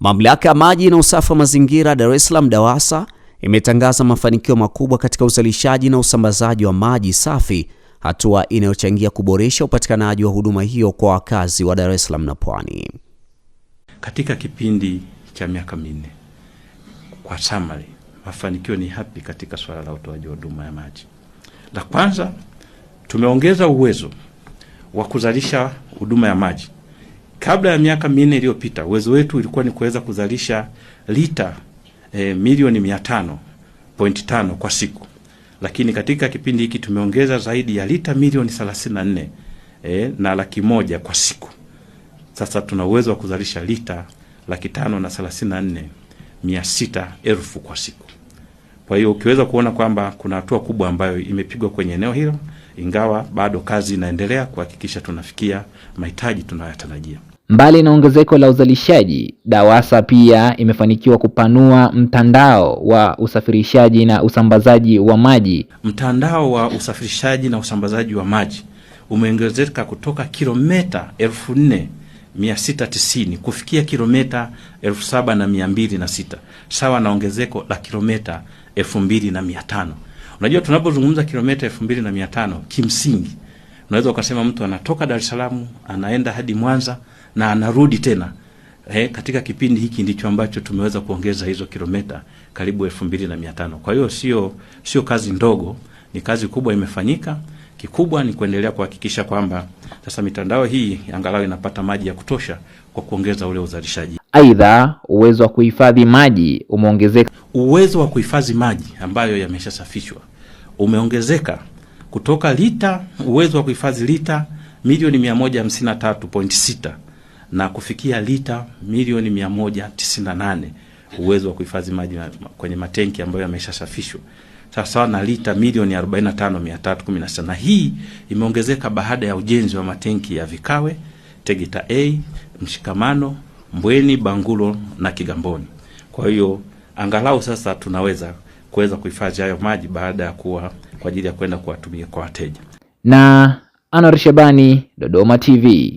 Mamlaka ya maji na usafi wa mazingira Dar es Salaam DAWASA imetangaza mafanikio makubwa katika uzalishaji na usambazaji wa maji safi, hatua inayochangia kuboresha upatikanaji wa huduma hiyo kwa wakazi wa Dar es Salaam na Pwani. Katika kipindi cha miaka minne, kwa summary, mafanikio ni hapi katika swala la utoaji wa huduma ya maji. La kwanza, tumeongeza uwezo wa kuzalisha huduma ya maji Kabla ya miaka minne iliyopita uwezo wetu ulikuwa ni kuweza kuzalisha lita e, milioni mia tano pointi tano kwa siku, lakini katika kipindi hiki tumeongeza zaidi ya lita milioni 34 e, eh, na laki moja kwa siku. Sasa tuna uwezo wa kuzalisha lita laki tano na thelathini na nne mia sita elfu kwa siku. Kwa hiyo ukiweza kuona kwamba kuna hatua kubwa ambayo imepigwa kwenye eneo hilo, ingawa bado kazi inaendelea kuhakikisha tunafikia mahitaji tunayotarajia. Mbali na ongezeko la uzalishaji, DAWASA pia imefanikiwa kupanua mtandao wa usafirishaji na usambazaji wa maji. Mtandao wa usafirishaji na usambazaji wa maji umeongezeka kutoka kilomita 4690 kufikia kilomita 7206 sawa na ongezeko la kilomita 2500. Unajua tunapozungumza kilomita 2500 kimsingi Unaweza ukasema mtu anatoka Dar es Salaam anaenda hadi Mwanza na anarudi tena. Eh, katika kipindi hiki ndicho ambacho tumeweza kuongeza hizo kilomita karibu elfu mbili na mia tano. Kwa hiyo sio sio kazi ndogo, ni kazi kubwa imefanyika. Kikubwa ni kuendelea kuhakikisha kwamba sasa mitandao hii angalau inapata maji ya kutosha kwa kuongeza ule uzalishaji. Aidha, uwezo wa kuhifadhi maji umeongezeka. Uwezo wa kuhifadhi maji ambayo yameshasafishwa umeongezeka kutoka lita uwezo wa kuhifadhi lita milioni 153.6 na kufikia lita milioni 198 uwezo wa kuhifadhi maji kwenye matenki ambayo yameshasafishwa sawasawa na lita milioni 45,316 na hii imeongezeka baada ya ujenzi wa matenki ya Vikawe, Tegeta A, Mshikamano, Mbweni, Bangulo na Kigamboni. Kwa hiyo angalau sasa tunaweza kuweza kuhifadhi hayo maji baada ya kuwa kwa ajili ya kwenda kuwatumia kwa wateja. Na Anwar Shabani, Dodoma TV.